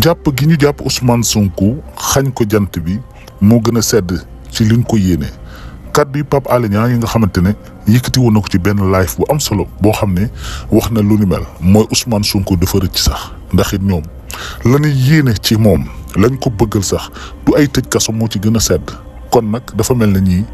jàpp gi ñu jàpp Ousmane Sonko xañ ko jant bi moo gën a sedd ci liñ ko yéene kat yi Pape Alé Niang yi nga xamante ne yëkkati woon na ko ci benn live bu am solo boo xam ne wax na lu ni mel mooy Ousmane Sonko dafa rëcc sax ndax it ñoom lañu yéene ci moom lañ ko bëggal sax du ay tëj kaso moo ci gën a sedd kon nag dafa mel na ñii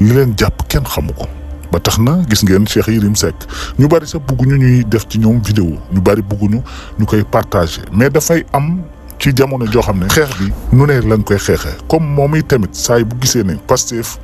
li leen jàpp kenn xamu ko ba tax na gis ngeen Cheikh Yérim Seck ñu bëri sax bugguñu ñuy def ci ñoom vidéo ñu bëri bugguñu ñu koy partagé mais dafay am ci jamono joo xam ne xeex bi nu ne lañ koy xeexe comme moom i tamit saay bu gisee ne Pastef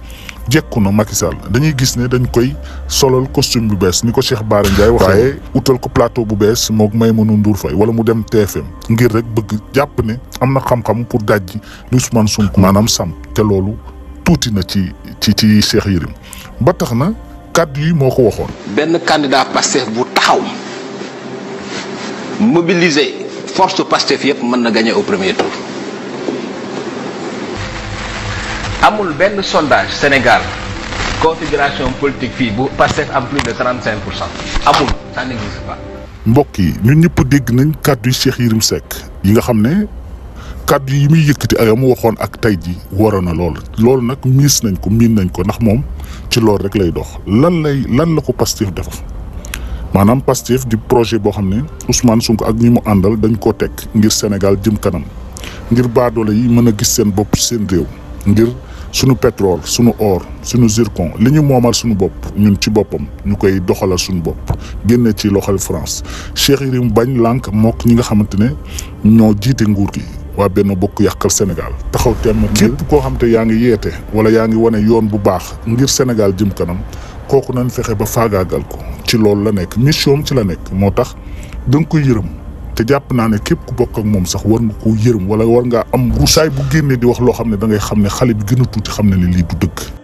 jekku na Macky Sall dañuy gis ne dañ koy solal costume bu bees ni ko Cheikh Bara Ndiaye waxee waaye utal ko plateau bu bees moog Maïmouna Ndour Faye wala mu dem TFM ngir rek bëgg jàpp ne am na xam-xam pour dajji lu Ousmane Sonko maanaam sàmm te loolu tuuti na ci ci ci Cheikh Yérim na kàddu yi moko waxone ben candidat Pastef bu taxaw mobiliser force Pastef yep mën na gagner au premier tour. amul ben sondage Sénégal configuration politique fi bu Pastef am plus de 35% cinq pour cent amul ça n'existe pas. mbokki ñun ñëpp dégg nañ kàddu Cheikh Yérim Seck yi nga xamné kaddu yi muy yëkkati ak mu waxoon ak tey ji waroon na lool loolu nag miis nañ ko miin nañ ko ndax moom ci loolu rek lay dox lan lay lan la ko Pastef defa maanaam Pastef di projet boo xam ne Ousmane ko ak ñi mu àndal dañ koo teg ngir Sénégal jëm kanam ngir baadoole yi mën a gis seen bopp seen réew ngir sunu pétrole sunu or suñu zircon li ñu moomal suñu bopp ñun ci boppam ñu koy doxalal suñu bopp génne ci loxol France Cheikh mu bañ lànk mokk ñi nga xamante ne ñoo jiite nguur gi. waa benn bokk yàqal Sénégal taxaw temm képp koo xam te yaa ngi yeete wala yaa ngi wane yoon bu baax ngir Sénégal jëm kanam kooku nañ fexe ba faagaagal ko ci loolu la nekk mission ci la nekk moo tax da koy yërëm te jàpp naa ne képp ku bokk ak moom sax war nga ko yërëm wala war ngaa am ruusaay bu génnee di wax loo xam ne da ngay xam ne xale bi gën a tuuti xam ne li lii du dëgg